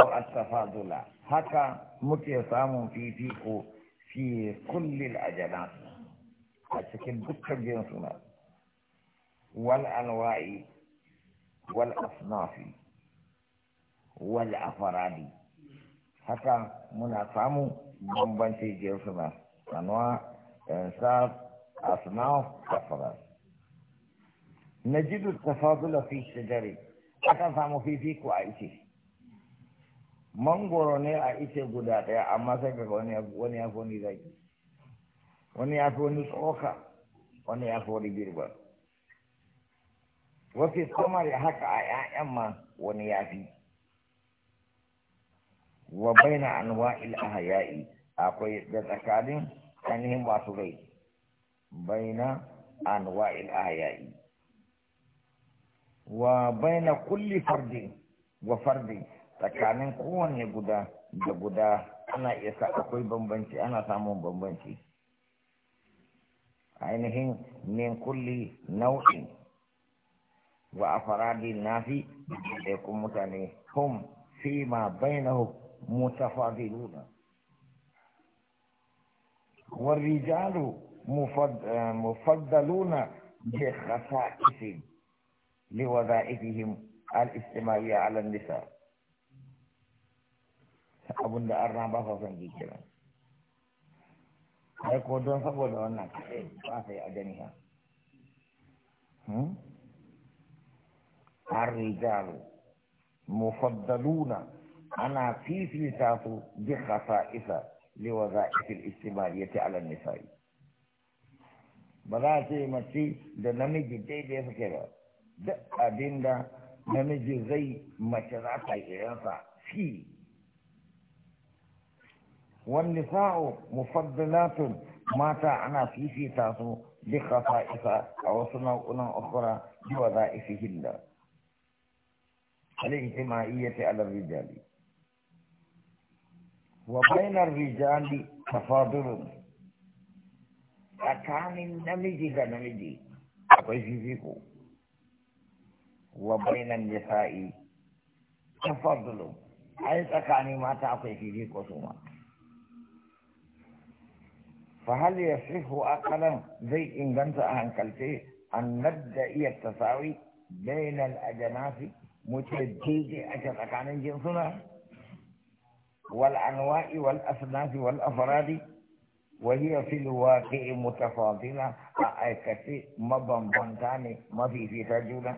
أو التفاضل هكا متيسام في فيكو في كل الأجناس أشكل دكا جنسنا والأنواع والأصناف والأفراد هكا جنبان في جنسنا أنواع إنساف أصناف أفراد نجد التفاضل في الشجر أكا سامو في فيكو أيشي mangoro ne a ice guda ɗaya amma sai ka wani ya fi wani zaki wani ya fi wani tsoka wani ya fi wani girba wasu samar haka a 'ya'yan ma wani ya fi wa baina anwa'il ahya'i akwai da tsakanin ainihin masu rai baina anwa'il ahya'i wa baina kulli fardin wa fardin tsakanin kowanne guda da guda ana iya sa akwai bambanci ana samun bambanci ainihin min kulli nau'in wa afaradin nafi da kuma mutane hum fi ma bainahu mutafadiluna والرجال مفضلون بخصائص لوظائفهم الاجتماعية على النساء abin da an raba fasan ba ai ko don saboda wannan kaɗai ba sai a gani ha hmm? an rijalu mufaddaluna ana fifita su bi kasa isa lewa za a fi istimali ya ce alan ba za a ce mace da namiji daidai suke ba duk abin da namiji zai mace za ta yi irinsa fi والنساء مفضلات ما أنا في في تاسو بخصائص أو صنوع أخرى بوظائفهن الاجتماعية على الرجال وبين الرجال تفاضل أكان النمج كنمج أقشفكو وبين النساء تفاضل أي تكاني ما تعطي فيكو سمك فهل يصح أقلا زي إن عن أهنكلته أن نبدأ التساوي بين الأجناس متجديد أجل أكان جنسنا والأنواع والأصناف والأفراد وهي في الواقع متفاضلة أأكسي مبنبنتاني ما في في تجولة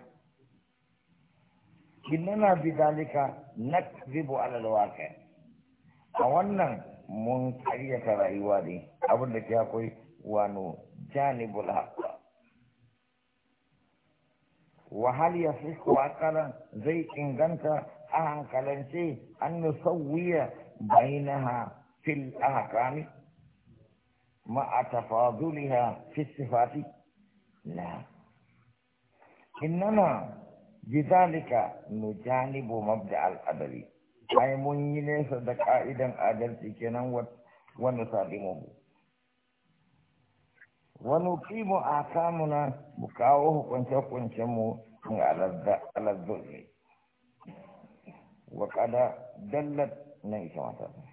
إننا بذلك نكذب على الواقع أولا mun karyata rayuwa ne abin da ke akwai wano janibul haqqa wa hal yasihu aqalan zai inganta a hankalance an nusawwiya bainaha fil ahkami ma atafaduliha fi sifati la innama bidhalika nujanibu mabda al ai mun yi nesa da ka'idan adalci kenan wanda sadimu mu wani kimo a kamuna mu kawo hukunce-hukuncen mu ne wa kada dallat na ita matasa